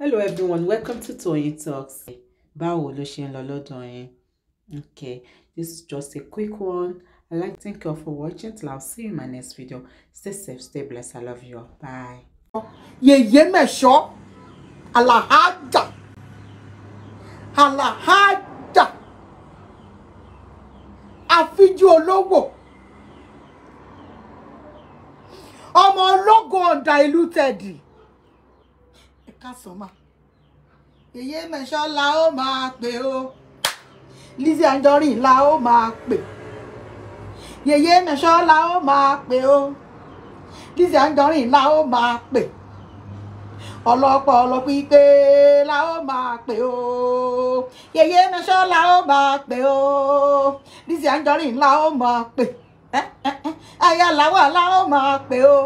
hello everyone welcome to Toyeen Talks báwo ló ṣe ń lọ lọ́dọ̀ yín okay this is just a quick one i like to thank you all for watching till i see you in my next video stay safe stay blessed i love you all bye. yèyé mẹ́ṣọ́ alahaja alahaja àfijú olówó ọmọ ológun ọ̀dà ìlú tẹ̀dí kásán mà èyí mẹ́sàn la ó máa pè ó Lizzie Anjorin la ó máa pè yèyé mẹ́sàn la ó máa pè ó Lizzie Anjorin la ó máa pè ọlọ́pọ̀ ọlọ́pípé la ó máa pè ó yèyé mẹ́sàn la ó máa pè ó Lizzie Anjorin la ó máa pè ayáláwà la ó máa pè ó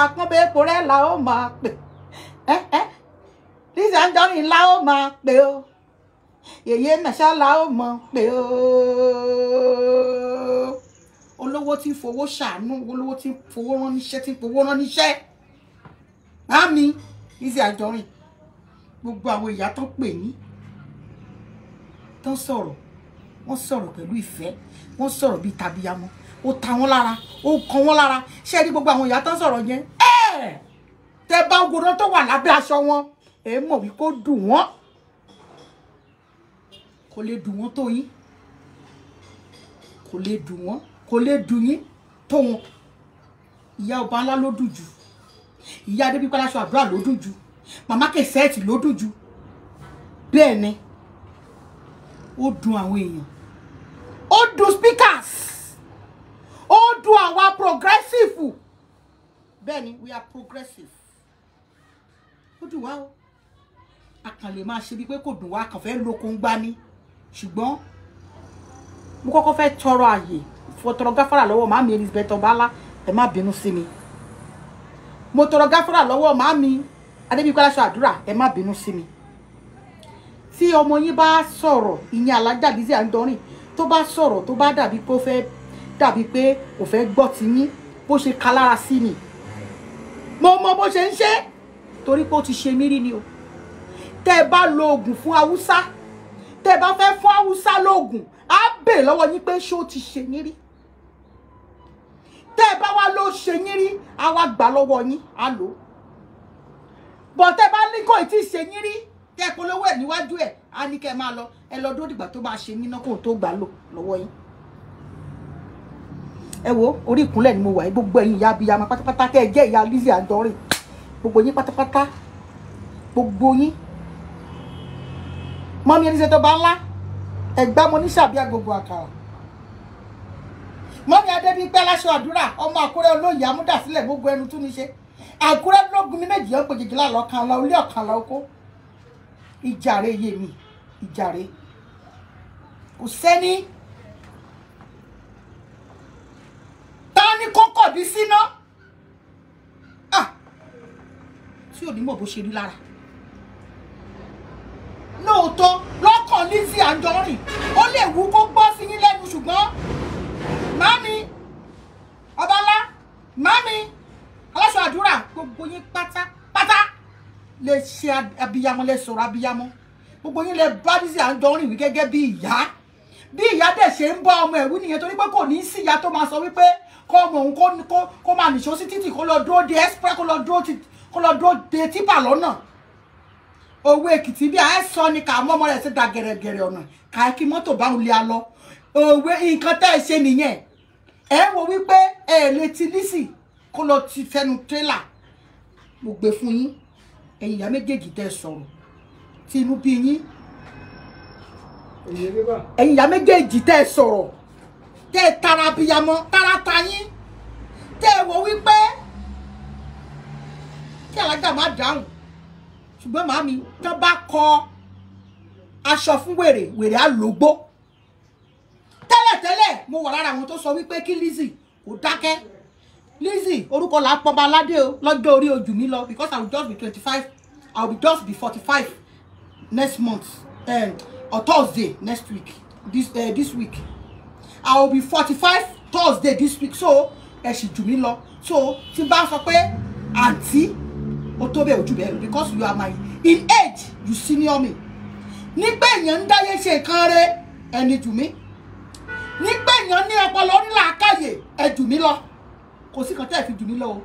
àpọ́nbẹ́pọ̀ rẹ̀ la ó máa pè. Lizzy Anjorin ńlá máa pè ó yèyé nàṣàlá ó mọ pé ó olówó tí ń fowó ṣàánú olówó tí ń fowó rán tí ń fowó rán níṣẹ́ mami Lizzy gbogbo àwọn ìyá tó pè ní tó ń sọ̀rọ̀ wọ́n sọ̀rọ̀ pẹ̀lú ìfẹ́ wọ́n sọ̀rọ̀ bíi tàbíyamọ ó ta wọ́n lára ó kàn wọ́n lára ṣé ẹ rí gbogbo àwọn ìyá tó ń sọ̀rọ̀ yẹn ẹ́ẹ̀ tẹ́ bá wòran tó wà lábẹ́ aṣọ wọn ẹ mọ̀ wí kó dùn wọ́n kò lè dùn wọ́n tó yín kò lè dùn wọ́n kò lè dùn yín tó wọn ìyá ọba ńlá ló dùn jù ìyá adébíkọ́ aláṣọ àdúrà ló dùn jù màmá kẹsẹ́ẹ̀tì ló dùn jù bẹ́ẹ̀ ni ó dùn àwọn èèyàn ó dùn speakers ó dùn àwa progressive bẹ́ẹ̀ ni we are progressive ó dùn wá o a kàn lè máa ṣe bíi pé kò dùn wá a kàn fẹ́ lóko ń gbá ní ṣùgbọ́n mo kọ́kọ́ fẹ́ tọrọ àyè tọrọ gáfárà lọ́wọ́ màmí Elizabeth Ọbalá ẹ má bínú sí mi mo tọrọ gáfárà lọ́wọ́ màmí Adébíyí Aláṣọ Àdúrà ẹ má bínú sí mi tí ọmọ yín bá sọ̀rọ̀ ìyẹn alájàbí sí àńdọ́rìn tó bá sọ̀rọ̀ tó bá dàbí pé ó fẹ́ dàbí pé ò fẹ́ gbọ́ ti yín bó ṣe kalára sí ni mo mọ bó ṣe ń ṣe é torí pé ó ti ṣe mí rí ni o tẹ́ ẹ bá lo oògùn fún haúsá tẹ́ ẹ bá fẹ́ fún haúsá lóògùn á bèè lọ́wọ́ yín pé ṣé ó ti ṣe yín rí tẹ́ ẹ bá wá ló ṣe yín rí á wá gbà lọ́wọ́ yín á lò ó bọ̀ tẹ́ ẹ bá ní kò tí ì ṣe yín rí tẹ́ ẹ polówó ẹ̀ níwájú ẹ̀ á ní kẹ́ ẹ máa lọ ẹ lọ dúró dìgbà tó máa ṣe yín náà kó tó gbà lò lọ́wọ́ yín ẹ wo orí ìkúnlẹ̀ ni mo wà gbogbo ẹ̀yin ìyá abiyamọ pátápátá kẹ́ ẹ jẹ́ ìyá Lizzy Anjorin gbogbo yín pátápátá gbogbo yín mọ́mí ẹni ṣètò bá ńlá ẹ̀gbá mo ní sàbí agogo àkàrà mọ́mí adébíyipẹ́ láṣọ àdúrà ọmọ àkúrẹ́ olóyè amúdàsílẹ̀ gbogbo ẹnu tún ní ṣe àkúrẹ́ lógun ní méjì ọ̀pọ̀ jìjìlá lọ́kàn lọ ilé ọ̀kan lọ oko ìjàre yé mi ìjàre kò sẹ́ni ta ni kókò bí síná. tí ò ní mọ̀ bó ṣe rí lára lóòótọ́ lọ́kàn Lizzy Anjorin ó lè wú kó gbọ́ sí yín lẹ́nu ṣùgbọ́n mami ọbalá mami aláṣọ àdúrà gbogbo yín pátápátá lè ṣe abiyamọ lè sọ̀rọ̀ abiyamọ gbogbo yín lè bá Lizzy Anjorin wí gẹ́gẹ́ bí ìyá bí ìyá dẹ̀ ṣe ń bá ọmọ ẹ̀wú nìyẹn torí pé kò ní sí ìyá tó máa sọ wípé kọ́ ọmọ òun kó máa nìṣó sí títì kó lọ dúró de express kó lọ dúró títì kó lọ dúró de típà lọ́nà owó èkìtì bí àá sọ ni ká mọ́mọ́ rẹ̀ ṣe da gẹ̀rẹ́gẹ̀rẹ́ ọ̀nà ká kí mọ́tò bá òun lé a lọ òwe nǹkan tẹ́ ẹ ṣe nìyẹn ẹ wo wípé ẹ lè ti lísì kó lọ ti fẹnu tírélà mo gbé fún yín ẹ̀yin ìyá méjèèjì tẹ́ ẹ sọ̀rọ̀ tí inú bí yín ẹ̀yin ìyá méjèèjì tẹ́ ẹ sọ̀rọ̀ tẹ́ ẹ tara abiyamọ tara ta yín tẹ́ ẹ wo wípé kí alájà má dáhùn ṣùgbọ́n màá mi bá kọ aṣọ fún wèrè wèrè á tẹ́lẹ̀tẹ́lẹ̀ mo wà lára àwọn tó sọ wípé kí Lizzy kò dákẹ́ Lizzy orúkọ là á pọ́ bá ládé o lọ́jọ́ orí ojú mi lọ because I will just be twenty five I will just be forty five next month um, or Thursday next week this, uh, this week I will be forty five Thursday this week so ẹ̀ jù mí lọ so tí n bá sọ pé àǹtí ó tó bẹ́ẹ̀ ojú because you are my in age you senior me nígbà èèyàn ń dáyé ṣe nǹkan rẹ ẹni jù mí nígbà èèyàn ní ọpọlọ ńlá àkàyè ẹ jù mí lọ kò si kan tẹ́ ẹ fi jù mí lọ o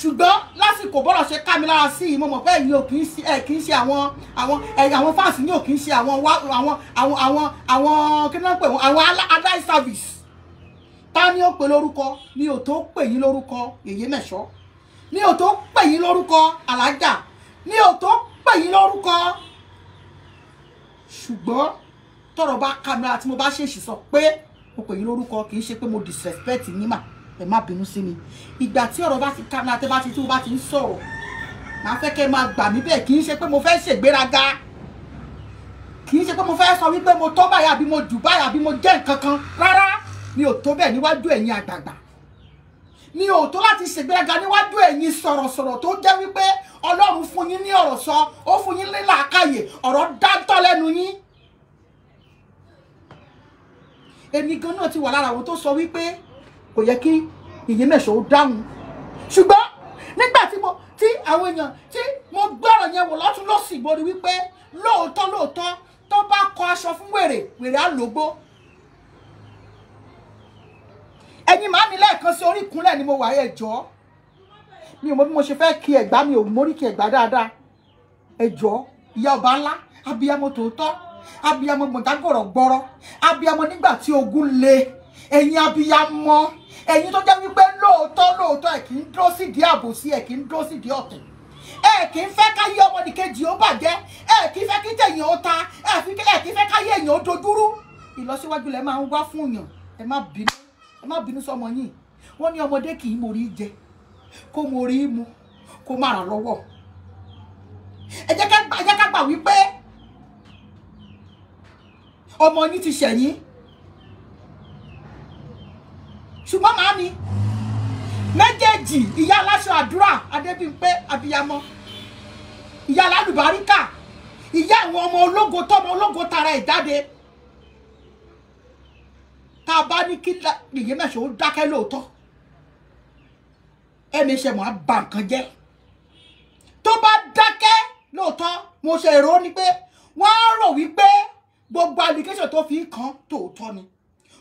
ṣùgbọ́n lásìkò bọ́rọ̀ ṣe ká mi lára sí i mo mọ̀ pé ẹ̀yin ò kì í ṣe ẹ̀ kì í ṣe àwọn àwọn ẹ̀yìn àwọn fáǹsì yìí ò kì í ṣe àwọn àwọn àwọn àwọn àwọn kí ni wọ́n pè wọ́n àwọn aláì service ta ni ó pè lórúkọ ni ò tó pè yín lórúkọ èyí mẹ́ṣọ́ mi ò tó pè yín lórúkọ alájà mi ò tó pè yín lórúkọ ṣùgbọ́n tọrọ bá kámẹ́rà tí mo bá ṣèṣì sọ pé mo pè lórúkọ kì í ṣe pé mo disrespect yín mà ẹ má bínú sí mi ìgbà tí ọ̀rọ̀ bá ti kámẹ́rà tẹ́ bá ti tí mo bá ti ń sọ̀rọ̀ màá fẹ́ kẹ́ máa gbà mí bẹ́ẹ̀ kì í ṣe pé mo fẹ́ ṣègbéraga kì í ṣe pé mo fẹ́ sọ wípé mo tọ́ báyà bí mo jù báyà bí mo jẹ́ nǹkan kan rárá mi ò tó bẹ́ẹ̀ níwájú ẹ̀yin àgbààgbà ni ò tó láti ṣègbéraga níwájú ẹ̀yin sọ̀rọ̀sọ̀rọ̀ tó jẹ́ wípé ọlọ́run fún yín ní ọ̀rọ̀ sọ ó fún yín lílà àkàyè ọ̀rọ̀ dáńtọ́ lẹ́nu yín. èmi gan náà ti wà lára àwọn tó sọ wípé kò yẹ kí ìyẹn mẹ́sàn ó dáhùn ṣùgbọ́n nígbà mo ti àwọn èèyàn tí mo gbọ́rọ̀ yẹn wo lọ́tún lọ́sìn mo rí wípé lóòótọ́ lóòótọ́ tó bá kọ aṣọ fún wèrè wèrè á ẹ̀yin màá mi lẹ́ẹ̀kan sí orí ni mo wà ẹ jọ̀ọ́ mi ò mọ bí mo ṣe fẹ́ kí ẹ̀gbá mi ò mórí kí ẹ̀gbá dáadáa ẹ jọ̀ọ́ ìyá ọba ńlá abiyamọ tòótọ́ abiyamọ gbọ̀ndágọ̀rọ̀ gbọ́rọ́ abiyamọ nígbà tí ogun le ẹ̀yin abiyamọ ẹ̀yin tó jẹ́ wípé lóòótọ́ lóòótọ́ ẹ̀ kì í dúró sídìí àbòsí ẹ̀ kì í dúró sídìí ọ̀tẹ̀ ẹ kì í fẹ́ káyé ọmọnìkejì ó bàjẹ́ ẹ kì í fẹ́ kí tẹ̀yìn ó ta ẹ kì í fẹ́ káyé èèyàn ó dojúrú ìlọsíwájú lẹ máa ń wá fún yàn ẹ má bínú ẹ má bínú sọmọ yín wọ́n ní ọmọdé kì í mórí jẹ kó mórí mu kó má ràn lọ́wọ́ ẹ jẹ́ ká gbà wípé ọmọ yín ti ṣẹ̀yìn ṣùgbọ́n màámi méjèèjì ìyá aláṣọ àdúrà adébímpé abiyamọ ìyá alálùbáríkà ìyá àwọn ọmọ ológo tọmọ ológo tara ẹ̀ jáde tá a bá ní kí nìyẹn mẹ́sàn ó dákẹ́ lóòótọ́ ẹ̀mí ṣe mọ̀ á ba nǹkan jẹ́ tó bá dákẹ́ lóòótọ́ mo ṣe èrò ni pé wọ́n á rò wípé gbogbo allocation tó fi kàn tòótọ́ ni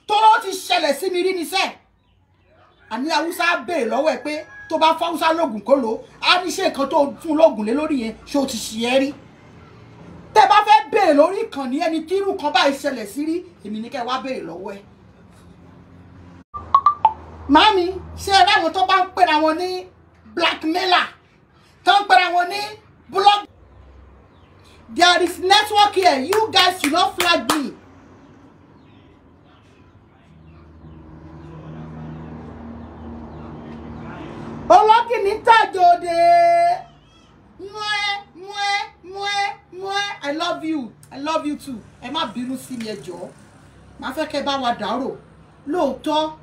tó ti ṣẹlẹ̀ sí mi rí ni sẹ́ẹ̀ àní haúsá béèrè lọ́wọ́ ẹ pé tó bá fáwúsá lóògùn kó lò ó á ní ṣe nǹkan tó fún lóògùn lé lórí yẹn ṣé o ti ṣì ẹ́ rí tẹ́ bá fẹ́ béèrè lórí ìkànnì ẹni tí kan báyìí ṣẹlẹ̀ sí rí èmi ní kẹ́ wá béèrè lọ́wọ́ ẹ mami ṣé ẹ láwọn tó bá ń pera wọn ní blackmailer tó ń pera wọn ní blog. there is network here you guys you no flag me. olókìní tàjòdè mue mue mue mue i love you i love you too ẹ má bínú sí mi ẹ jọ̀ọ́ màá fẹ́ kẹ́ bá wa dárò lóòótọ́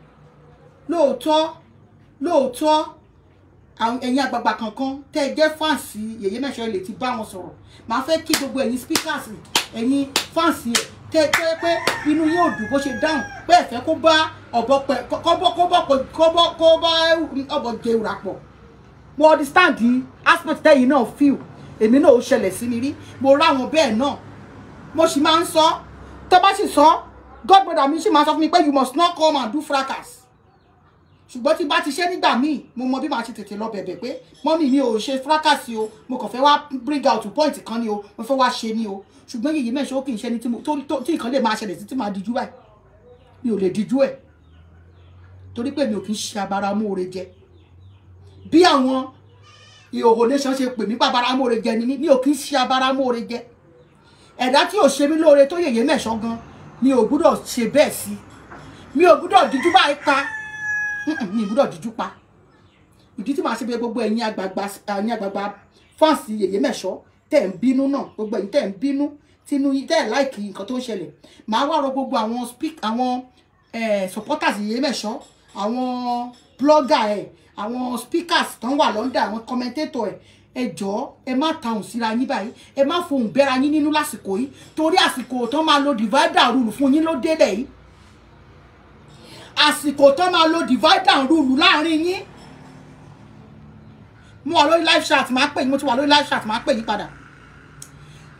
lóòótọ́ lóòótọ́ àwọn ẹ̀yin àgbààgbà kankan tẹ́ ẹ jẹ́ fáǹsì yèyé mẹ́sàn ilé ti bá wọn sọ̀rọ̀ màá fẹ́ kí gbogbo ẹ̀yin speakers ẹ̀yin fáǹsì tẹ́ ẹ pé inú yóò dùn bó ṣe dáhùn pé ẹ̀fẹ́ kó bá ọ̀bọ pẹ̀ kọ́bọ̀ kọ́bọ̀ kọ́bọ̀ kó bá ọ̀bọ̀ jẹ̀wùrà pọ̀ mo understand the aspect tẹ́yìn náà feel èmi náà ó ṣẹlẹ̀ sí mi rí mo ráwọn bẹ́ẹ̀ náà mo sì máa ń sọ tó bá sì sọ godbrother mi sì máa sọ fún mi pé you must not come and do fracas ṣùgbọ́n tí n bá ti ṣe nígbà míì mo mọ bí màá ṣe tètè lọ bẹ̀bẹ̀ pé mọ́mì mi ò ṣe fúrákàsì o mo kàn fẹ́ wá bring out point kan ni o mo fẹ́ wá ṣe ni o ṣùgbọ́n yìí mẹ́ṣẹ́ ó kì í ṣe ni tí nǹkan lè máa ṣẹlẹ̀ sí tí màá dijú ẹ̀ mi ò lè dijú ẹ̀ torí pé mi ò kì í ṣe abáramóore jẹ bí àwọn ìhòòhò nation ṣe pè mí pé abáramóore jẹ ni mi ò kì í ṣe abáramóore jẹ ẹ̀dá tí ò ṣe mí lóore tó yèyé mẹ́ṣọ́ gan mi ò gbúdọ̀ ṣe bẹ́ẹ̀ sí mi ò gbúdọ̀ dijú báyìí pa mi gbúdọ̀ dúdú pa ìdí tí màá ṣe pé gbogbo ẹ̀yin àgbààgbà fáǹsì yèyé mẹ́ṣọ́ tẹ̀ ń bínú náà gbogbo ẹ̀yin tẹ̀ ń bínú tínú tẹ́ ẹ̀ láìkì nǹkan tó ń ṣẹlẹ̀ màá wá rọ gbogbo àwọn speak àwọn supporters yèyé mẹ́ṣọ́ àwọn blogger ẹ̀ àwọn speakers tó ń wà London àwọn commentator ẹ̀ ẹ jọ̀ọ́ ẹ má ta òun síra yín báyìí ẹ má fohùn bẹ́ra yín nínú lásìkò yìí torí àsìkò tó máa lo divider rule fún yín ló délẹ̀ yìí àsìkò tó máa lo divide and rule láàrin yín mo wà lórí live chat máa pè yín mo ti wà lórí live chat máa pè yín padà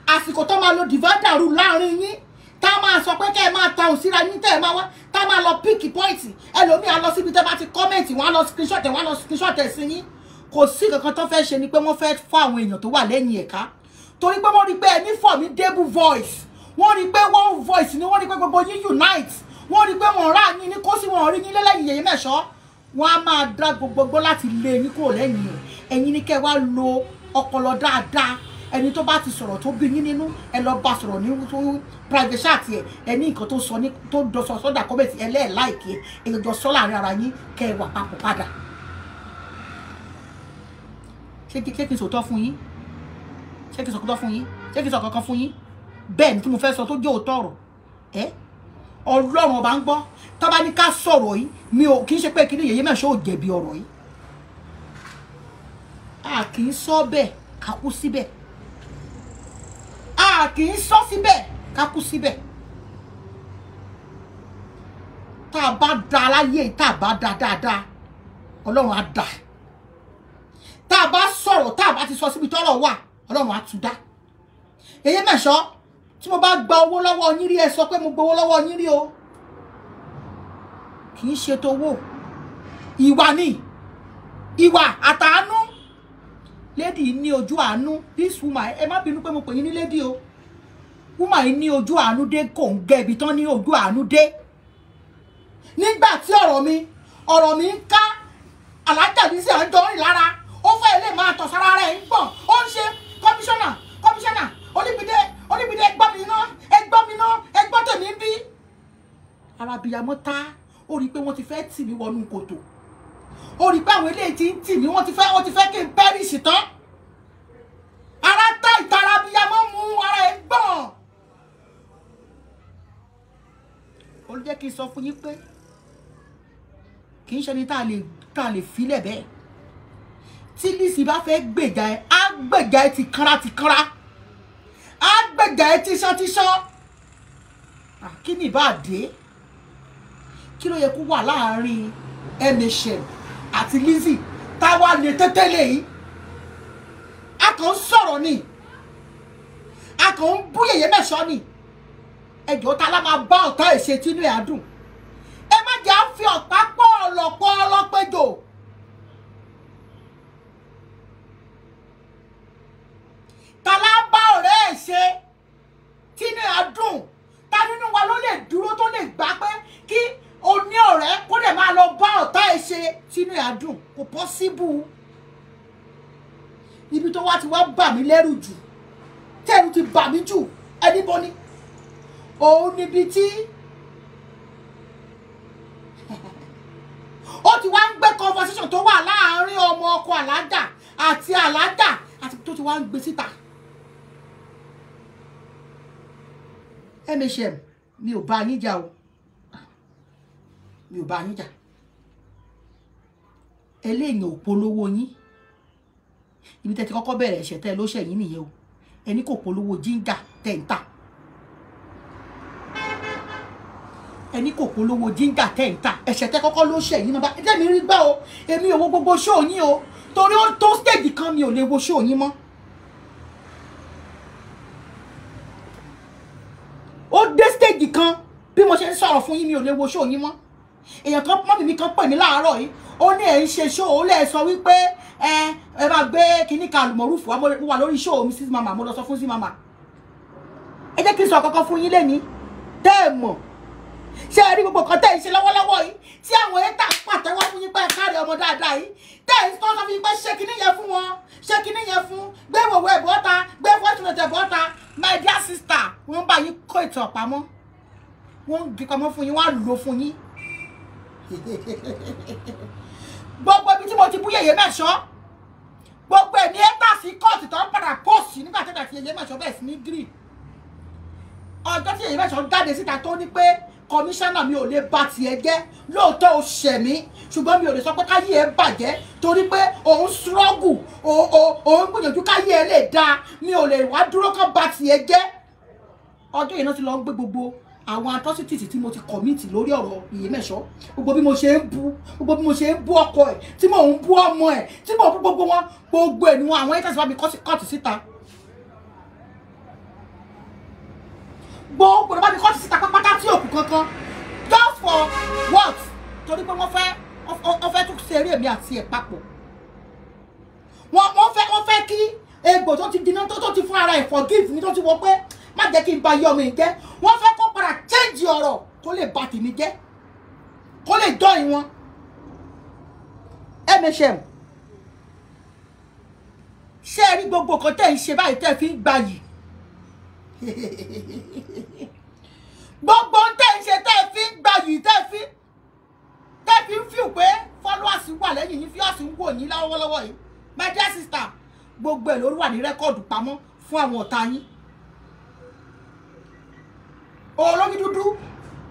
àsìkò tó máa lo divide and rule láàrin yín tá a máa sọ pé kẹ́ ẹ máa ta òsíra yín tẹ́ ẹ máa wá tá a máa lọ pick point ẹlòmíà lọ síbi tẹ́ bá ti comment wọ́n á lọ screenshot ẹ̀ wọ́n á lọ screenshot ẹ̀ sí yín kò sí kankan tó fẹ́ ṣe ni pé wọ́n fẹ́ fọ́ àwọn èèyàn tó wà lẹ́yìn ẹ̀ka torí pé wọ́n rí pé ẹni formidable voice wọ́n rí pé one voice ni wọ́n rí pé gbogbo yín unite wọ́n rí i pé wọ́n rà yín ní kó sí wọn rí yín lẹ́lẹ́yìn yẹ̀yẹ́ mẹ́sọ́ wọ́n á máa dá gbogbogbò láti lé yín kúrò lẹ́yìn ẹ̀ ẹ̀yin ni kẹ́ wá lo ọpọlọ dáadáa ẹni tó bá ti sọ̀rọ̀ tó bí yín nínú ẹ lọ bá sọ̀rọ̀ ní private chat ẹ ẹ ní nǹkan tó sọ ní tó dọ̀sọ̀ sọ́dà kọ́mẹ̀tì ẹlẹ́ẹ̀láìkì ẹ ẹ jọ sọ láàrin ara yín kẹ́ ẹ wà papọ̀ padà ṣé kí ṣé kí n sòótọ́ fún yín ṣé kí n sòótọ́ fún yín ṣé kí n sọ kankan fún yín bẹ́ẹ̀ ni tí mo fẹ́ sọ tó jẹ́ òótọ́ ọ̀rọ̀ ẹ́ ọlọ́run ọba ń gbọ́ tọ́ba ní ká sọ̀rọ̀ yìí mi ò kì í ṣe pé kí ni yèyé mẹ́sàn ò jẹ̀bi ọ̀rọ̀ yìí a kì í sọ bẹ́ẹ̀ ká kú síbẹ̀ a kì í sọ síbẹ̀ ká kú síbẹ̀ tá a bá da láyé tá a bá da dáadáa ọlọ́run á dà tá a bá sọ̀rọ̀ tá a bá ti sọ síbi tọ́rọ̀ wà ọlọ́run á tún dá èyí mẹ́sàn tí mo bá gba owó lọ́wọ́ yín rí ẹ sọ pé mo gbowó lọ́wọ́ yín rí o kì í ṣe towó ìwà ni ìwà àtàánú lady ní ojú àánú this woman ẹ má bínú pé mo pè yín ní lady o woman ní ojú àánú dé kò ń gẹ ibi tán ní ojú àánú dé nígbà tí ọ̀rọ̀ mi ọ̀rọ̀ mi ń ká alájà mi sì à ń jọ rìn lára ó fẹ́ lè máa tọ̀ rẹ̀ ń gbọ̀n ó ń ṣe kọmíṣánná kọmíṣánná olùbídé ó níbi ní ẹgbọ́n mi náà ẹgbọ́n mi náà ẹgbọ́n tèmi ń bí. ara abiyamọ ta ó rí i pé wọ́n ti fẹ́ tì mí wọnú kòtò ó rí i pé àwọn eléyìí ti ń tì mí wọ́n ti fẹ́ wọ́n ti fẹ́ kí n pẹ́rìṣì tán. ara tá ìtara abiyamọ mú ara ẹ̀ gbọ̀n. ó jẹ́ kí n sọ fún yín pé kì í ṣe ni tá a lè filẹ̀ bẹ́ẹ̀ tí Lizzy bá fẹ́ gbèjà ẹ á gbèjà ẹ tìkára tìkára á gbẹ̀gà ẹ tíṣọ́tíṣọ́ ah, kí ni ìbá dé kí ló yẹ kó wà láàárín nhm àti Lizzy táwa lè tẹ́tẹ́lẹ̀ yìí a kàn ń sọ̀rọ̀ ni a kàn ń bú yẹ̀yẹ́ mẹ́sàn-án ni ẹjọ́ ta la máa bá ọ̀tá ìṣe tínú ẹ̀ á dùn bà mí lẹ́rù jù tẹ́rù ti bà mí jù anybody òun níbi tí ó ti wá ń gbé conversation tó wà láàárín ọmọ ọkọ àládà àti àládà àti tó ti wá ń gbé síta MHM mi ò bá yín jà o mi ò bá yín jà eléyìí ò polówó yín ibi tẹ́ ti kọ́kọ́ bẹ̀rẹ̀ ẹ̀ṣẹ̀ tẹ́ ló ṣẹ̀yìn nìyẹn o ẹni kò polówó jíńgà tẹ́ ń tà ẹni kò polówó jíńgà tẹ́ ń tà ẹ̀ṣẹ̀ tẹ́ kọ́kọ́ ló ṣẹ̀yìn náà bá ẹ rí gbá o èmi ò wo gbogbo ṣóò yín o torí ó tó stéèjì kan mi ò lè wo ṣóò yín mọ́ ó dé stéèjì kan bí mo ṣe ń sọ̀rọ̀ fún yín mi ò lè wo ṣóò mọ́ èèyàn kan mọ́mì mi kan pè mí láàárọ̀ yìí ó ní ẹ̀ ń ṣe ṣó ó lẹ̀ sọ wípé ẹ ẹ máa gbé kinní kan àlùmọ̀rúfù wa mo wà lórí ṣó mi sí màmá mo lọ sọ fún sí màmá ẹ jẹ́ kí n sọ kankan fún yín lẹ́ni tẹ́ ẹ mọ̀ ṣé ẹ rí gbogbo kan tẹ́ ẹ ṣe lọ́wọ́lọ́wọ́ yìí tí àwọn ètà pàtẹ́wọ́ fún yín pé káàrí ọmọ dáadáa yìí tẹ́ ẹ sọ fún yín pé ṣé kinní yẹn fún wọn ṣé kinní yẹn fún gbé wòwò ẹ̀bọ́ta gbé fọ́túnẹ̀tẹ̀ bọ́ta my dear sister wọ́n bá yín kó ìtàn pamọ́ wọ́n gbé pamọ́ fún yín wọ́n á lò fún yín gbogbo ibi tí mo ti bú yèyé mẹ́sọ́ gbogbo ẹ̀mí ẹgbà sí kóòtù tó ń padà póòsì nígbà tó dàtí yèyé mẹ́sọ́ bẹ́ẹ̀ sí ní green ọjọ́ tí yèyé mẹ́sọ́ jáde síta tó ní pé kọmíṣánná mi ò lè ba tiẹ̀ jẹ́ lóòótọ́ o ṣẹ̀ mí ṣùgbọ́n mi ò lè sọ pé káyé ẹ bàjẹ́ torí pé òun ṣúrọ́gù òun gbìyànjú káyé ẹ lè dáa mi ò lè wá dúró kán ba tiẹ̀ jẹ́ ọjọ́ yìí náà ti lọ gbé gbogbo àwọn atrocities tí mo ti commit lórí ọ̀rọ̀ Iyemẹ̀ṣọ́ gbogbo bí mo ṣe ń bú gbogbo bí mo ṣe ń bú ọkọ ẹ̀ tí mò ń bú ọmọ ẹ̀ tí mò ń bú gbogbo wọn gbogbo ẹ̀ ni wọn àwọn haters bá mi kọ́ọ̀tù síta gbogbo ló bá mi kọ́ọ̀tù síta pátápátá tí òkú kankan just for what torí pé wọ́n fẹ́ wọ́n fẹ́ tún ṣe eré mi àti ẹ̀ papọ̀ wọ́n fẹ́ wọ́n fẹ́ kí egbò tó ti dínà tó ti fún ara ẹ̀ forgive mi tó ti wọ pé má jẹ́ kí n ba yé ọmọ jẹ́ wọ́n fẹ́ kó padà change ọ̀rọ̀ kó lè ba tèmi jẹ́ kó lè dọ́yìn wọn msm ṣé ẹ rí gbogbo nǹkan tẹ́ ń ṣe báyìí tẹ́ fi ń gbayì gbogbo tẹ́ ń ṣe tẹ́ fi ń gbayì tẹ́ fi tẹ́ fi ń fìw pé followers wà lẹ́yìn yín followers ń wò yín lọ́wọ́lọ́wọ́ yìí my dear sister gbogbo ẹ̀ ló wà ní rẹ́kọ̀dù pamọ́ fún àwọn ọ̀tá yín olójú dúdú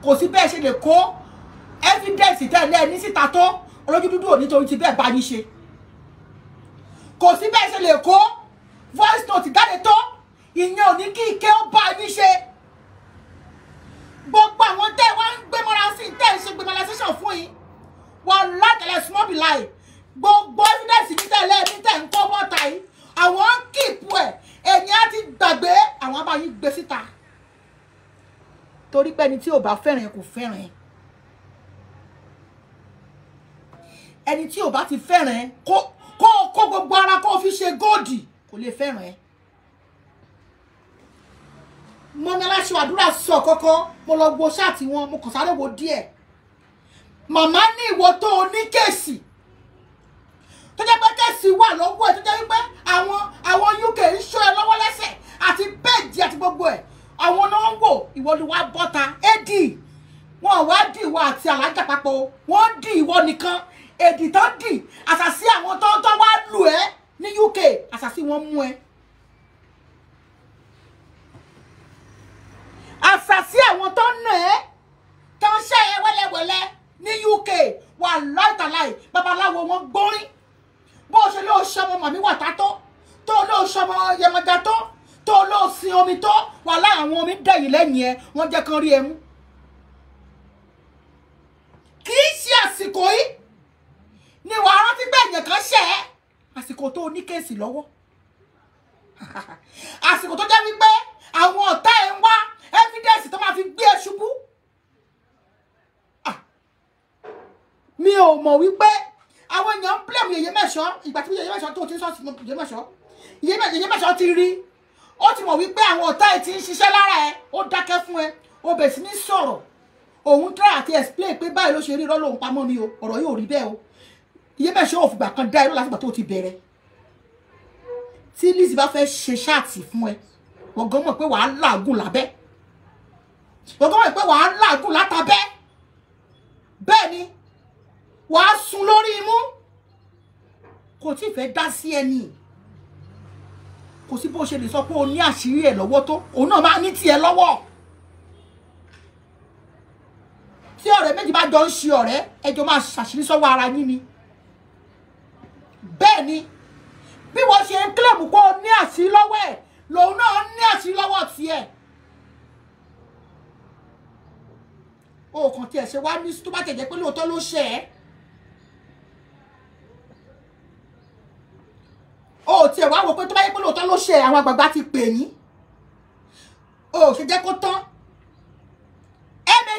kò sí bẹ́ẹ̀ ṣe lè kó evidence tẹ̀lé ẹni síta tó olójú dúdú ò ní torí ti bẹ́ẹ̀ bá yín ṣe kò sí bẹ́ẹ̀ ṣe lè kó voice note jáde tó ìyẹn ò ní kí ike ó bá yín ṣe gbogbo àwọn tẹ́ wá ń gbé mọ́ra sí tẹ́ ń ṣe gbemọlásẹ́sàn fún yín wọn látẹ̀lẹ̀ small be lie gbogbo evidence ní tẹ̀lé ní tẹ̀ ń kọ́ bọ́ta yìí àwọn kíìpù ẹ̀ èyí á ti gbàgbé àwọn abáyé gbé síta torí pé ẹni tí ò bá fẹ́ràn ẹ kò fẹ́ràn ẹ ẹni tí ò bá ti fẹ́ràn ẹ kó kó gbogbo ara kó fi ṣe góòdì kò lè fẹ́ràn ẹ mo ní aláṣọ àdúrà sọ kọ́kọ́ mo lọ gbo ṣáàtì wọn mo kàn sáré wo díẹ̀ màmá ní ìwọ tó o ní kèsì tó jẹ́ pé kẹ́sì wà lọ́wọ́ ẹ̀ tó jẹ́ wípé àwọn àwọn UK ń ṣọ́ ẹ lọ́wọ́ lẹ́sẹ̀ àti péèjì àti gbogbo ẹ̀ àwọn náà ń wò ìwọ ni wàá bọ́ta éèdì wọn ò wá dì ìwọ àti alájà papọ̀ wọ́n dì ìwọ nìkan èdì tó dì àṣàṣì àwọn tó tó wá lù ẹ́ ní UK àṣàṣì wọn mú ẹ. àṣàṣì àwọn tó nà ẹ́ tó ń ṣe ẹ wẹ́lẹ́wẹ́lẹ́ ní UK wà láìtàláì babaláwo wọn gbórí bó ṣe lóò ṣọmọ màmí wà tá tó tó lóò ṣọmọ yẹmọjà tó tó ló sin omi tó wà láwọn omi dẹ̀yìn lẹ́yìn ẹ wọ́n jẹ́ kán rí ẹ kì í ṣe àsìkò yìí ni wàá rántí pé èèyàn kan ṣẹ̀ ẹ́ àsìkò tó ní kéèsì lọ́wọ́ àsìkò tó jẹ́ wípé àwọn ọ̀tá ẹ̀ ń wá evidence tó máa fi gbé ẹ ṣubú ah! mi ò mọ̀ wípé àwọn èèyàn ń blame yèyé mẹ́sàn ìgbà tí yèyé mẹ́sàn tó ti ń yèyé mẹ́sàn yèyé mẹ́sàn ti rí ó ti mọ̀ wípé àwọn ọ̀tá ẹ̀ ti ń ṣiṣẹ́ lára ẹ̀ ó dákẹ́ fún ẹ ó bẹ̀ sí ní sọ̀rọ̀ òun try àti explain pé báyìí ló ṣe rí rọ́lọ́hún pamọ́ ni o ọ̀rọ̀ yóò rí bẹ́ẹ̀ o iye bẹ́ẹ̀ ṣe ò fìgbà kan dá irọ́ látìgbà tó ti bẹ̀rẹ̀ tí Lizzy bá fẹ́ ṣe ṣáàtì fún ẹ wọ́n gan mọ̀ pé wàá làágùn lábẹ́ wọ́n gan mọ̀ pé wàá làágùn látàbẹ́ bẹ́ẹ̀ ni wàá sun lórí imú kò tí ì fẹ́ dá sí ẹni yìí kò sí bó ṣe lè sọ pé o ní àṣírí ẹ̀ lọ́wọ́ tó òun náà máa ní tiẹ̀ lọ́wọ́ tí ọ̀rẹ́ méjì bá jọ ń ṣe ọ̀rẹ́ ẹjọ́ máa ṣàṣírí sọ́wọ́ ara yín ni bẹ́ẹ̀ ni bí wọ́n ṣe ń kílẹ̀mù pé o ní àṣírí lọ́wọ́ ẹ̀ lòun náà ní àṣírí lọ́wọ́ tiẹ̀ o kàn tiẹ̀ ṣe wá ní tó bá tẹ̀jẹ̀ pé lóòótọ́ ló ṣe é. o tiẹ̀ wá wò pé tó bá yẹ pé lóòótọ́ ló ṣe àwọn àgbààgbà ti pè yín o ṣe jẹ́ kó tán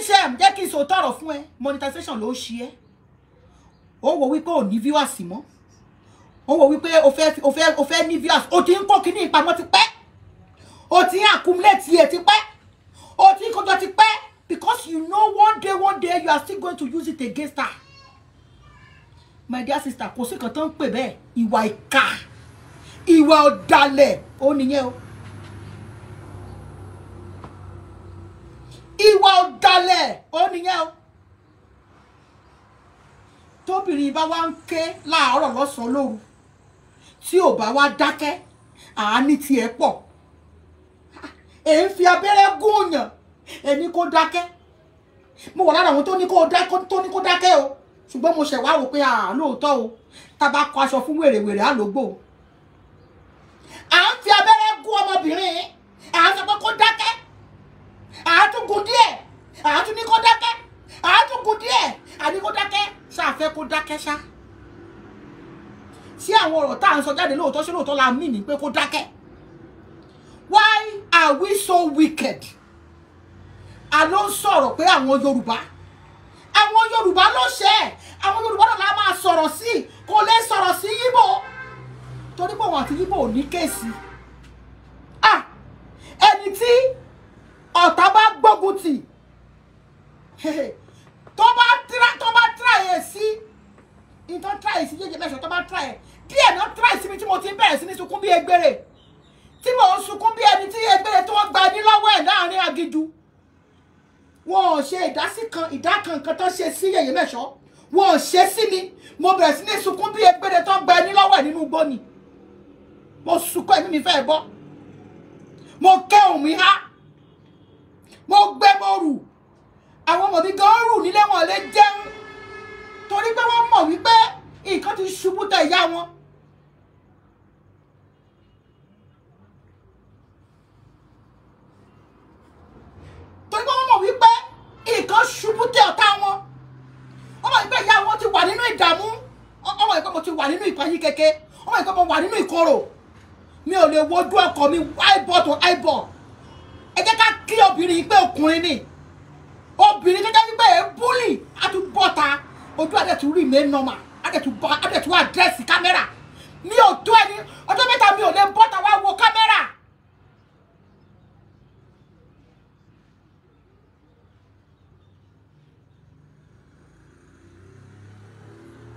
mhm jẹ́ kí n sọ tọrọ fún ẹ monetization ló ṣe ẹ́ ó wò wípé ò ní viewers mọ́ ó wò wípé o fẹ́ o fẹ́ o fẹ́ ní viewers o ti ń kó kíní ìpamọ́ ti pẹ́ o ti ń accumulate ẹ̀ ti pẹ́ o ti ń kọjọ ti pẹ́ because you know one day one day you are still going to use it against her my dear sister kò sí nǹkan tó ń pè bẹ́ẹ̀ ìwà ìkà ìwà ọ̀dàlẹ̀ ó nìyẹn o ìwà ọ̀dàlẹ̀ ó nìyẹn o tóbìnrin bá wá ń ké láàárọ̀ lọ́sàn-án lóru tí ò bá wá dákẹ́ àání tiẹ̀ pọ̀ èyí fi abẹ́rẹ́ gúnyàn ẹni kó dákẹ́ mo wà lára àwọn tó ní kó dákẹ́ o ṣùgbọ́n mo ṣẹ̀ wá rò pé àlóòótọ́ o tá a bá kọ aṣọ fún wèrèwèrè àlógbò o à ń fi abẹ́rẹ́ gún ọmọbìnrin à ń sọ pé kó dákẹ́ à ń tún gún díẹ̀ à ń tún ní kó dákẹ́ à ń tún gún díẹ̀ à ní kó dákẹ́ ṣàfẹ́ kó dákẹ́ ṣá sí àwọn ọ̀rọ̀ tá à ń sọ jáde lóòótọ́ sí lóòótọ́ la mí ní pé kó dákẹ́ why are we so wicked a ló ń sọ̀rọ̀ pé àwọn Yorùbá àwọn Yorùbá ló ṣe é àwọn Yorùbá náà la máa sọ̀rọ̀ sí kò lè sọ̀rọ̀ sí Yíbò torí pé òun àti yíbò ò ní kéèsì ẹni tí ọ̀tá bá gbógun tì tó bá tó bá tíráyè sí ìtàn tíráyè sí yéye mẹ́sàn-án tó bá tíráyè díẹ̀ náà tíráyè síbi tí mo ti ń bẹ̀rẹ̀ sí ní sunkún bí egbèrè tí mò ń sunkún bí ẹni tí egbèrè tó gba ní lọ́wọ́ ẹ̀ láàrin aginjù wọn ò ṣe ìdásí kan ìdá kan nǹkan tó ṣe sí yèyé mẹ́sàn-án wọn ò ṣe sí mi mo bẹ̀rẹ̀ sí ní sunkún bí egbèrè tó gba ní lọ́wọ́ ẹ̀ nínú igbó ni mo sunkún ẹ̀mí mi fẹ́ bọ́ mo kẹ́ òun mi há mo gbé mo rù àwọn ọmọ mi gan rù nílé wọn lè jẹun torí pé wọ́n mọ̀ wípé nǹkan ti ṣubú tẹ ìyá wọn. torí pé wọ́n mọ̀ wípé nǹkan ṣubú tẹ ọ̀tá wọn wọ́n mọ̀ wípé ìyá wọn ti wà nínú ìdààmú wọ́n mọ̀ wípé mo ti wà nínú ìpayín kẹ̀kẹ́ wọ́n mọ̀ wípé mo wà nínú ìkorò mi ò lè wojú ọkọ mi eyeball to eyeball ẹ jẹ́ ká kí obìnrin yìí pé ọkùnrin ni obìnrin tó wípé ẹ̀ búlì á ojú àdẹ̀tú rí mi nọ́mà àdẹ̀tú àdírẹ́sì kámẹ́rà mi ò tó ẹni ọjọ́ mẹ́ta mi ò lè bọ́ta wá wo kámẹ́rà.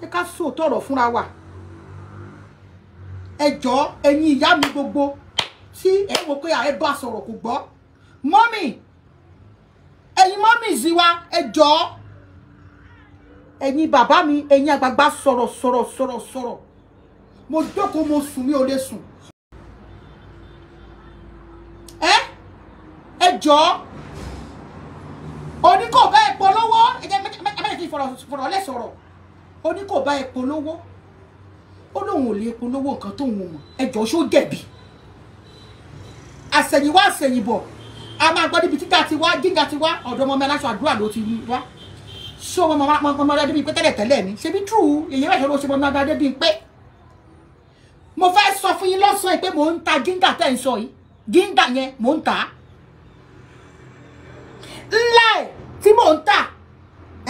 ẹ ká sòótọ́ ọ̀rọ̀ fúnra wa ẹ jọ̀ọ́ ẹ̀yin ìyá mi gbogbo tí ẹ wò pé ààrẹ bá sọ̀rọ̀ kò gbọ́ mọ́mì ẹ̀yin mọ́mì sí wa ẹ jọ̀ọ́ ẹ̀yin bàbá mi ẹ̀yin àgbààgbà sọ̀rọ̀ sọ̀rọ̀ sọ̀rọ̀ sọ̀rọ̀ mo jókòó mo sùn mi ò lè sùn ẹ ẹ jọ̀ọ́ oní kò bá ẹ polówó ẹ jẹ́ mẹ́tẹ̀ẹ̀kì fọ̀rọ̀ lẹ́sọ̀rọ̀ oní kò bá ẹ polówó ó lóun ò lè polówó nǹkan tóun mọ̀ ẹjọ́ ṣó jẹ̀bi àṣẹ̀yìnwá àṣẹ̀yìnbọ̀ a máa gbọ́ níbi títà tiwa gíga tiwa ọ̀dọ́ ọmọ mi aláṣọ àdúrà ló ti wá ṣé ọmọ ọmọ ọmọ adébíyí pé tẹ́lẹ̀ tẹ́lẹ̀ ni ṣebí true èyí rẹ̀ ṣòro ṣe ọmọ ọmọ adébíyí pé mo fẹ́ sọ fún yín lọ́sàn-án pé mò ń ta gíga tẹ́ ń sọ yìí gíga yẹn mò ń ta ńlá ẹ̀ tí mò ń ta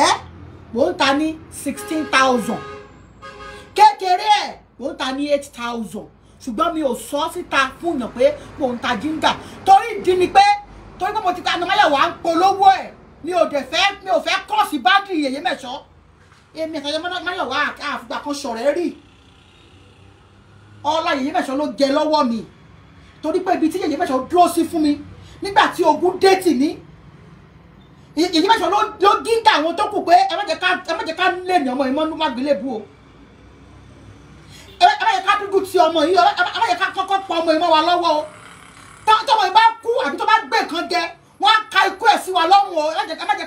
ẹ́ mò ń ta ní sixteen thousand kékeré ẹ̀ mò ń ta ní eight thousand ṣùgbọ́n mi ò sọ síta fún yàn pé mò ń ta jíńgà torí ìdí ni pé torí pé mo ti pa anamọ́lẹ̀ wà á ń polówó ẹ̀ mi ò dẹ̀ fẹ́ mi ò fẹ́ kọ́ọ̀sì bádìrì yèyé mẹ́sọ́ èmi àtàyẹ mọ́lẹ̀ wà á àfìgbà kan ṣọ̀rẹ́ rí ọlá yèyé mẹ́sọ́ ló jẹ lọ́wọ́ mi torí pé ibi tí yèyé mẹ́sọ́ dúró sí fún mi nígbà tí ogun dé tì ní yèyé mẹ́sọ́ ló gíga àwọn tó kù pé ẹ má jẹ́ ká lè ní ọmọ ìmọ̀ nínú o ẹ bá yẹ ká dúdú ti ọmọ yìí ẹ ká kọ́kọ́ pa ọmọ yìí mọ́ wa lọ́wọ́ o tọ́mọ yìí bá kú àbí tó bá gbé nǹkan jẹ wọ́n á ka ikú ẹ̀ sí wa lọ́rùn o ẹ má kà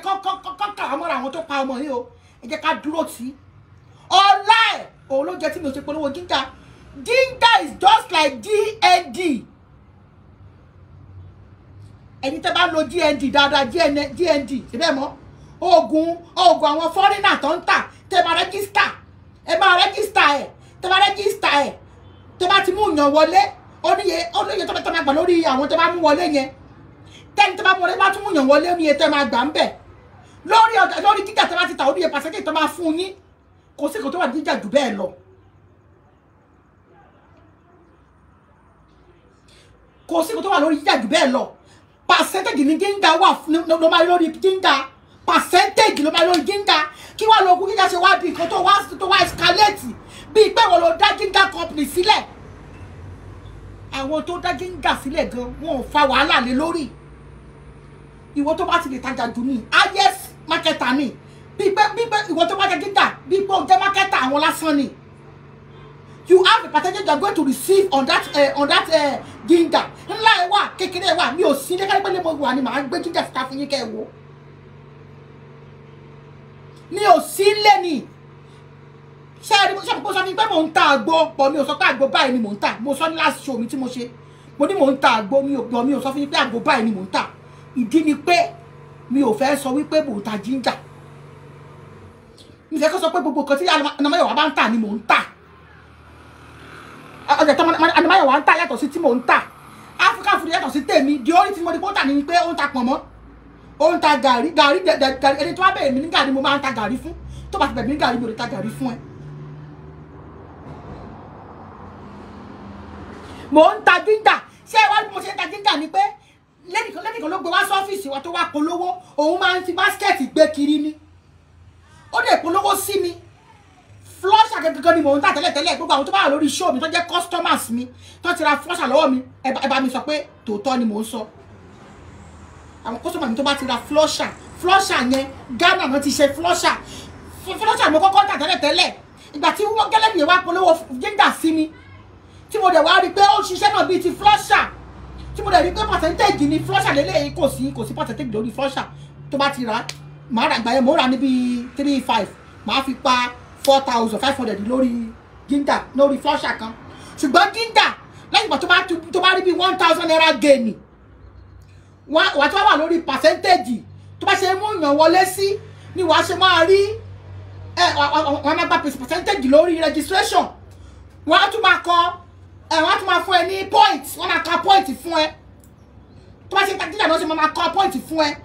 á àwọn tó pa ọmọ yìí o ẹ ká dúró tì í ọ̀la ẹ̀ òun ló jẹ́ tí mi ò ṣe polówó ginger ginger is just like dnd ẹ̀yin tẹ́ bá lo dnd dáadáa dnd síbẹ̀ mọ́ oògùn oògùn àwọn fọ́rínà tó ń tà tẹ́ máa rẹ́gísítà ẹ máa rẹ́gísítà ẹ̀ tó bá rẹ́gísítà ẹ̀ tó bá ti mú yàn wọlé oníye olóye tó bá tó máa gbà lórí àwọn tó bá mú wọlé yẹn tẹ́ni tó bá mú wọlé bá tún mú yàn wọlé oníye tó máa gbà ń bẹ̀ lórí ọjà lórí gíga tó bá ti tà oníye pàṣẹ́kì tó máa fún yín kò sí kò tó wà gíga jù bẹ́ẹ̀ lọ. kò sí kò tó wà lórí gíga jù bẹ́ẹ̀ lọ pàṣẹ́tẹ̀gì ni gíga wà ló máa lórí gíga pàṣẹ́tẹ̀gì ló máa lórí gíga kí wàá lọ ogun gíga ṣe wá di nǹkan tó wá escalate bíi pé wọ́n lọ dá ginger company sílẹ̀ àwọn tó dá ginger sílẹ̀ gan wọn ò fa wàhálà lé lórí ìwọ tó bá ti lè tajà jù ní highest marketer ni bíi pé bíi pé ìwọ tó bá jẹ ginger bíi pé o jẹ marketer àwọn lásán ni you have the percentage you are going to receive on that uh, on that uh, eh, ginger ńlá ẹ wà kékeré ẹ wà mi ò sí ní kálípẹ́ lé mo wà ni màá gbé ginger síta fún yín kẹ́ ẹ wò mi ò sí lé ni ṣé ẹni mo ṣe mo sọ fún yín pé mò ń ta àgbo pọ̀ mi ò sọ pé àgbo báyìí ni mò ń tà mo sọ ní last show mi tí mo ṣe mo ní mò ń ta àgbo mi ò pọ̀ mi ò sọ fún yín pé àgbo báyìí ni mò ń tà ìdí ni pé mi ò fẹ́ sọ wípé mò ń ta jíńjà mi fẹ́ kó sọ pé gbogbo nǹkan tí anamáyọ̀wá bá ń tà ni mò ń tà ọ̀dẹ̀ tó anamáyọ̀wá ń tà yàtọ̀ sí tí mò ń tà áfíríkà fúdù yàtọ̀ sí tèmi di orí tí mo di pé ó tà ní pé ó ń ta pọ̀nmọ́ ó ń ta gàrí gàrí ẹni tó wá bẹ̀rẹ̀ mi ní gàrí mo máa ń ta gàrí fún tó bá ti bẹ̀rẹ̀ mi ní gàrí mi ò lè ta gàrí fún ẹ mò ń ta ginger ṣé wàá bí mo ṣe ń ta ginger ni pé lẹ́nìkan lẹ́nìkan ló gbé wá sọ́fíìsì wa tó wá polówó òun máa ń fi báskẹ̀tì gbé kiri ni ó dẹ̀ polówó sí mi flọ́ṣà gẹ́gẹ́ ni mò ń tà tẹ́lẹ̀tẹ́lẹ̀ gbogbo àwọn tó bá wà lórí show mi tó jẹ́ customers mi tó ti ra flọ́ṣà lọ́wọ́ mi ẹ bá mi sọ pé tòótọ́ ni mò ń sọ àwọn customer mi tó bá ti ra flọ́ṣà flọ́ṣà yẹn Ghana náà ti ṣe flọ́ṣà flọ́ṣà mo kọ́kọ́ tà tẹ́lẹ̀tẹ́lẹ̀ ìgbà tí wọ́n gẹ́lẹ́ nìyẹn wá polówó ginger sí mi tí mo dẹ̀ wá rí i pé ó ṣiṣẹ́ náà bíi ti flusher tí mo dẹ̀ rí i pé percentage ni flusher lélẹ́yìn kò sí kò sí percentage lórí flusher tó bá ti rà màá rà gbàyẹ̀ mo rà níbi three five màá fi pa four thousand five hundred lórí ginger lórí flusher kan ṣùgbọ́n ginger lẹ́yìn ìgbà tó bá rí bíi one thousand naira gain wàá tó wà lórí percentage tó bá ṣe mú ìyàn wọlé sí ni wàá ṣe máa rí ẹ wàá máa gba percentage lórí registration wàá tún máa kọ ẹ wọ́n á tún máa fún ẹ ní point wọ́n máa ka point fún ẹ tó bá ṣe ń ta dídà lọ́sẹ̀ wọ́n máa ka point fún ẹ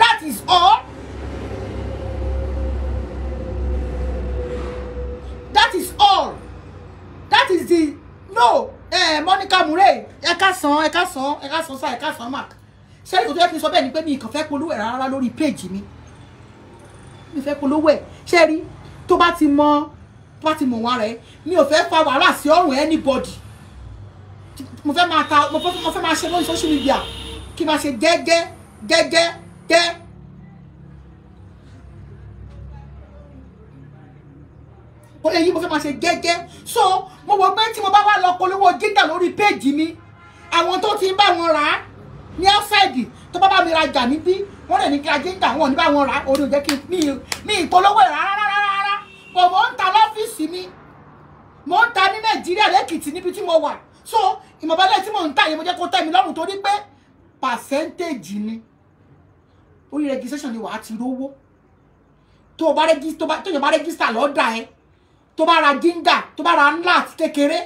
that is all that is all that is the no eh, Monica Murray ẹ ká san ẹ ká san ẹ ká san sa ẹ ká san mark sẹ́yìn tó tó yẹ kí n sọ bẹ́ẹ̀ ni pé mi kàn fẹ́ polówó ẹ̀ rárá lórí péèjì mi mi fẹ́ polówó ẹ̀ ṣẹ́ẹ́rí tó bá ti mọ tó bá ti mọ̀ wá rẹ̀ mi ò fẹ́ fa wàhálà sí ọrùn anybody mo fẹ́ máa ta mo fẹ́ mo fẹ́ máa ṣe lórí social media kí n máa ṣe gẹ́gẹ́ gẹ́gẹ́ gẹ́. ó lè mo fẹ́ máa ṣe gẹ́gẹ́ so mo wọ pé tí mo bá wà lọ polówó jíjà lórí péèjì mi àwọn tó ti ń bá wọn rà á ní outside tó bá bá mi rajà níbí wọ́n lè ní kí ajé ń tà wọ́n ní bá wọn rà á orí ò jẹ́ kí mi ìpolówó rà á rárá bọ̀ mò ń ta lọ́fíìsì mi mò ń ta ní nàìjíríà lẹ́kìtì níbi tí mo wà so ìmọ̀bálẹ̀ tí mò ń ta yẹn mo jẹ́ kó tẹ́ mi lọ́rùn torí pé pàṣẹ́ntéèjì ni orí registration ni wàá ti rówó tó o bá rẹ́gísítà tó yẹn bá rẹ́gísítà lọ́dà ẹ tó bá ra gíńgà tó bá ra ńlá àti kékeré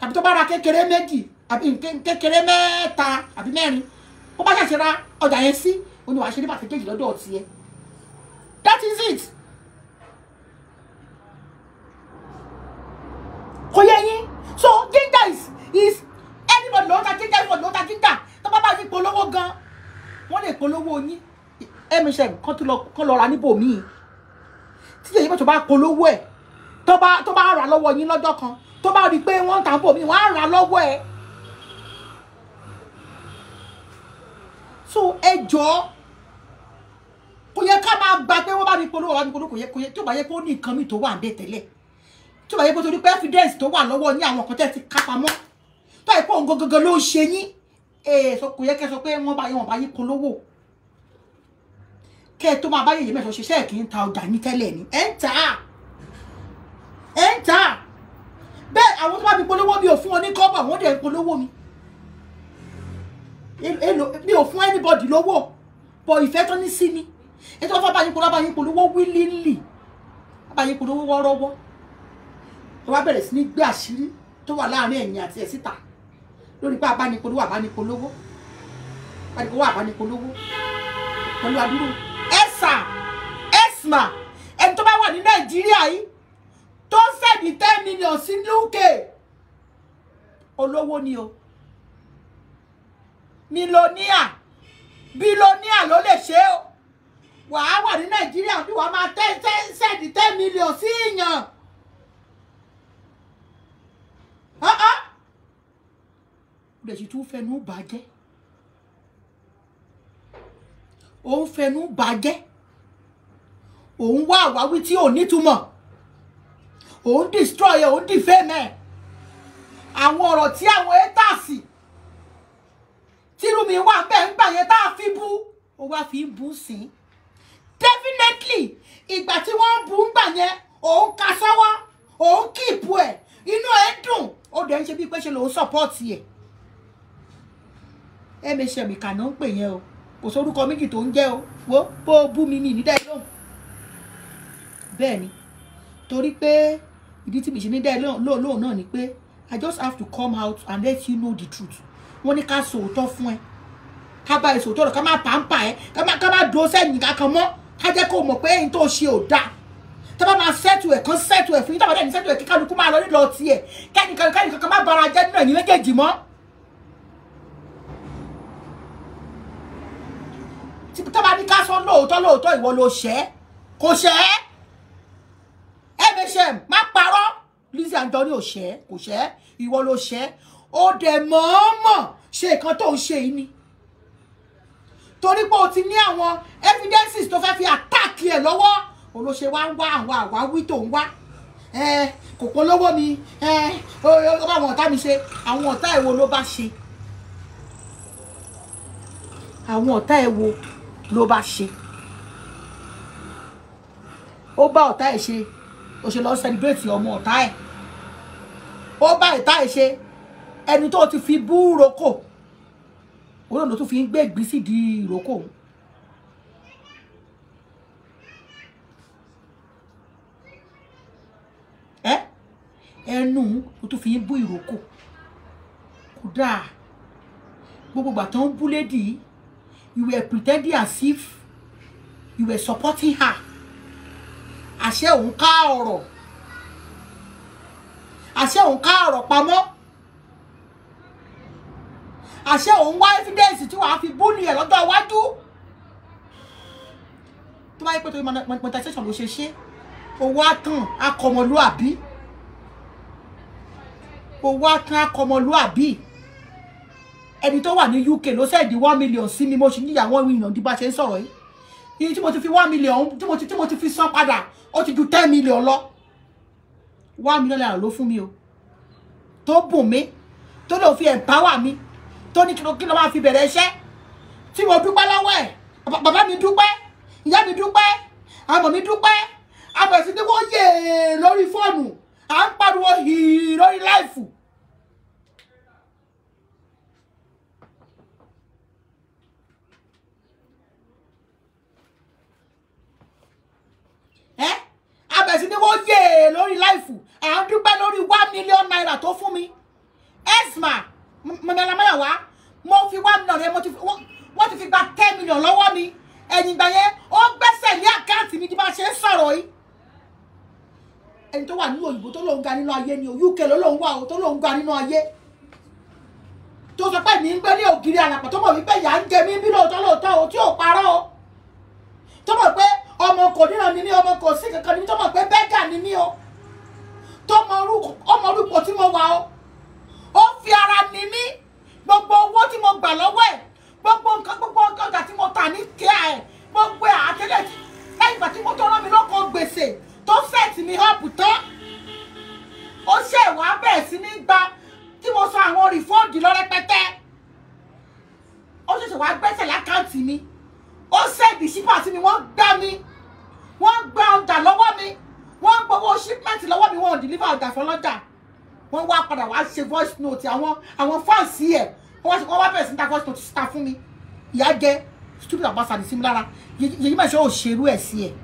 tàbí tó bá ra kékeré méjì àbí kékeré mẹ́ta àbí mẹ́rin ó bá ṣẹ̀ṣẹ̀ ra ọjà yẹn sí oníwàá ṣe ní pàṣẹ́ntéèjì lọ́dọ̀ ọ̀tí ẹ that is it. kò yín so ginger is is anybody ló ń ta ginger anybody ló ń ta ginger tó bá bá yín polówó gan wọ́n lè polówó yín msm kan tó lọ kan lọ ra níbòmíì tí èyí bàtò bá polówó ẹ̀ tó bá tó bá rà lọ́wọ́ yín lọ́jọ́ kan tó bá rí i pé wọ́n ń ta bòmíì wọ́n á rà lọ́wọ́ ẹ̀. so ẹ jọ kò yẹ ká máa gba pé wọn bá ní polówó wọn ní polówó kò yẹ kò yẹ tí ò bá yẹ kó ní nǹkan mi tó wà ń bẹ tẹ́lẹ̀ tó bá yẹ kó torí pé evidence tó wà lọ́wọ́ ní àwọn kan tẹ́ ti ká pamọ́ tó yẹ kó òun gangan ló ń ṣe yín èèso kò yẹ kẹ́ sọ pé wọ́n bá yẹ wọ́n bá yín kan lówó kẹ́ ẹ tó máa bá yẹ̀yẹ́ mẹ́sàn ṣiṣẹ́ kì í ta ọjà ní tẹ́lẹ̀ ni ẹ̀ ń tà á ẹ̀ ń tà á bẹ́ẹ̀ àwọn tó bá mi polówó mi ò fún wọn ní kọ́bà wọ́n dẹ̀ polówó mi mi ò fún anybody lówó bọ̀ ìfẹ́ tó ní sí mi ètò ọ̀fọ̀ bá yín polówó bá yín polówó wílílì bá yín polówó wọ́rọ́wọ́ tó wá bẹ̀rẹ̀ sí ní gbé àṣírí tó wà láàrin ẹ̀yìn àti ẹ̀ síta lórí pé abánipolówó abánipolówó abánipolówó abánipolówó pẹ̀lú àdúró ẹ̀sà ẹ̀smà ẹni tó bá wà ní nàìjíríà yìí tó ń sẹ́ni ten million sí UK olówó ni o mílíọ̀níà bílíọ̀níà ló lè ṣe o wàá wà ní nàìjíríà bí wàá máa sẹ́ni ten million sí ìyàn. Ah, ah. ó dẹ̀ sì tún fẹnu bàjẹ́ òun fẹnu bàjẹ́ òun wá àwáwí tí ò nítumọ̀ òun destroy ẹ̀ òun defame ẹ̀ àwọn ọ̀rọ̀ tí àwọn ẹ́tàsì tírúmi wà bẹ́ẹ̀ ń gbà yẹn tá a fi bú ó wá fi bú sí i definitely ìgbà tí wọ́n bú ń gbà yẹn òun ka sọ́wọ́ òun kíìpù ẹ̀ inú ẹ̀ dùn ó dẹ̀ ń ṣe bíi pé ṣe lòun sọ́pọ́ọ̀tì ẹ̀ mhm ìkànnà ń pè yẹn o kò sórúkọ méjì tó ń jẹ́ o wo bó o bú mi mi ní dẹ́ẹ̀ lóhùn bẹ́ẹ̀ ni torí pé ìdí tí mi ṣe ní dẹ́ẹ̀ lóhùn lóhùn náà ni pé i just have to come out and let you know the truth wọ́n ní ká sòótọ́ fún ẹ ká bá ẹ sòótọ́ rẹ̀ ká má pàǹpà ẹ ká má dúró sẹ́yìn kankan mọ́ ká jẹ́ kó mọ̀ pé ẹ̀yin tó ṣe ò dáa tẹ́ bá máa ṣẹ́tù ẹ̀ kan ṣẹ́tù ẹ̀ fún yín tàbí ẹ̀yìn ṣẹ́tù ẹ̀ kí kálukú máa lọ nílò ọtí ẹ̀ kẹ́nìkan kẹ́nìkan kan má bara jẹ́ nínú ẹ̀yìn méjèèjì mọ́. tẹ́ bá ní ká sọ lóòótọ́ lóòótọ́ ìwọ ló ṣẹ́ kò ṣẹ́ mhm má parọ́ Lizzy Anjorin ò ṣẹ́ kò ṣẹ́ ìwọ ló ṣẹ́ ó dẹ̀ mọ̀ọ́mọ̀ ṣe nǹkan tó ń ṣe yìí ni torí pé o ti ní àwọn evidences tó fẹ́ fi àtàkì ẹ̀ lọ́wọ́ olóṣè wá ń wá àwọn àwáwí tó ń wá kò polówó mi ó bá àwọn ọ̀tá mi ṣe àwọn ọ̀tá ẹ̀ wo ló bá ṣe àwọn ọ̀tá ẹ̀ wo ló bá ṣe ó bá ọ̀tá ẹ̀ ṣe ó ṣe lọ́ọ́ sẹ́líbrétì ọmọ ọ̀tá ẹ̀ ó bá ìta ẹ̀ ṣe ẹni tó ti fi bú roko òun náà fi ń gbé ìgbésí di ìrókò òun. ẹnu o tún fi ń bú ìrókò kò dáa gbogbo ìgbà tó ń bú lédi you were pretending as if you were supporting her àṣẹ òun ká ọ̀rọ̀ àṣẹ òun ká ọ̀rọ̀ pamọ́ àṣẹ òun wá evidence tí wàá fi búlì ẹ̀ lọ́jọ́ iwájú tó bá yẹ pé tó monetization ló ṣe ṣe owó àtàn akọmọlúàbí o wá tán akọmọlúàbí ẹni tó wà ní UK ló sẹ́ẹ̀dì one million sí mi mo sì níyàwó ìyàn bí bá ṣe ń sọ̀rọ̀ yìí iye tí mo ti fi one million tí mo ti tí mo ti fi san padà ó ti ju ten million lọ one million naira ló fún mi o tó bùn mí tó lè fi empower mi tó ní kí ló máa fi bẹ̀rẹ̀ iṣẹ́ tí mo dúpẹ́ lọ́wọ́ ẹ̀ bàbá mi dúpẹ́ ìyá mi dúpẹ́ àmọ̀ mi dúpẹ́ àbẹ̀sí ni wọ́n yè lórí fóònù à ń pariwo hìí lórí láìfù. abẹ̀ sí ni wọ́n yé e lórí láìfù à ń dúpẹ́ lórí one million naira tó fún mi esma mọ̀nàlámọ́yà wá mo fi one million yẹn wọ́n ti fi gba ten million lọ́wọ́ mi ẹ̀yìn ìgbà yẹn ó gbẹ́sẹ̀ lé àká ẹni tó wà nínú òyìnbó tó lóun ga nínú ayé ni o UK lóun wà o tó lóun ga nínú ayé tó sọ pé mi ń gbé ní ògiri àlàpà tó mọ̀ wípé ìyá ń jẹ mí bí lóòótọ́ lóòótọ́ o tí ò parọ́ o tó mọ̀ pé ọmọ kò níran ni mí ọmọ kò sí kankan ni mí tó mọ̀ pé bẹ́gà ni mí o tó mọ orúkọ tí mo wà o ó fi ara ni mí gbogbo owó tí mo gbà lọ́wọ́ ẹ̀ gbogbo nǹkan gbogbo ọ̀gá tí mo tà ní kíá ẹ̀ gbogbo àtẹ́lẹ̀ lẹ́yìn ìgbà tí mo tó rán tó set mi up tán ó ṣe ìwà bẹ́ẹ̀ sí ní gba tí mo sọ àwọn rìfọ́ọ̀dì lọ rẹpẹtẹ ó ṣẹ̀ṣẹ̀ wá gbẹ́sẹ̀ lákàǹtì mi ó ṣèdì ṣípà sí mi wọ́n gbá mi wọ́n gba ọjà lọ́wọ́ mi wọ́n gbowó ṣípẹ́ǹtì lọ́wọ́ mi wọ́n ò dìlífà ọjà fọlọ́jà wọ́n wá padà wá ṣe voice note àwọn àwọn fáǹsì ẹ̀ wọ́n wá bẹ̀rẹ̀ sí ní ta voice note síta fún mi ìyá jẹ́ stupid abasa ní sí mi lára yèyí mẹ́sàn-án ò ṣerú ẹ̀ sí ẹ̀